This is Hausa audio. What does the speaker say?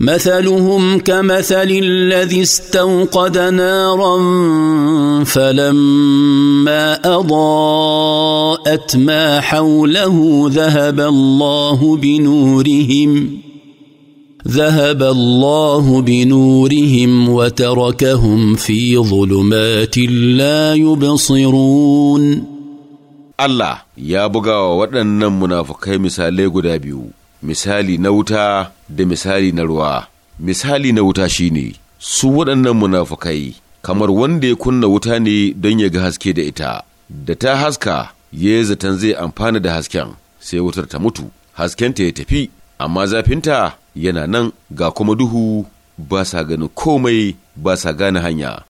مثلهم كمثل الذي استوقد نارا فلما اضاءت ما حوله ذهب الله بنورهم ذهب الله بنورهم وتركهم في ظلمات لا يبصرون الله يا بغاوة waɗannan munafukai misalai guda biyu misali na wuta da misali na ruwa misali na wuta shine su waɗannan munafukai kamar wanda ya kunna wuta ne don ya ga haske da ita da ta haska ya yi zaton zai amfana da hasken sai wutar ta mutu haskenta ya tafi amma zafinta yana nan ga kuma duhu ba sa ganin komai ba sa gane hanya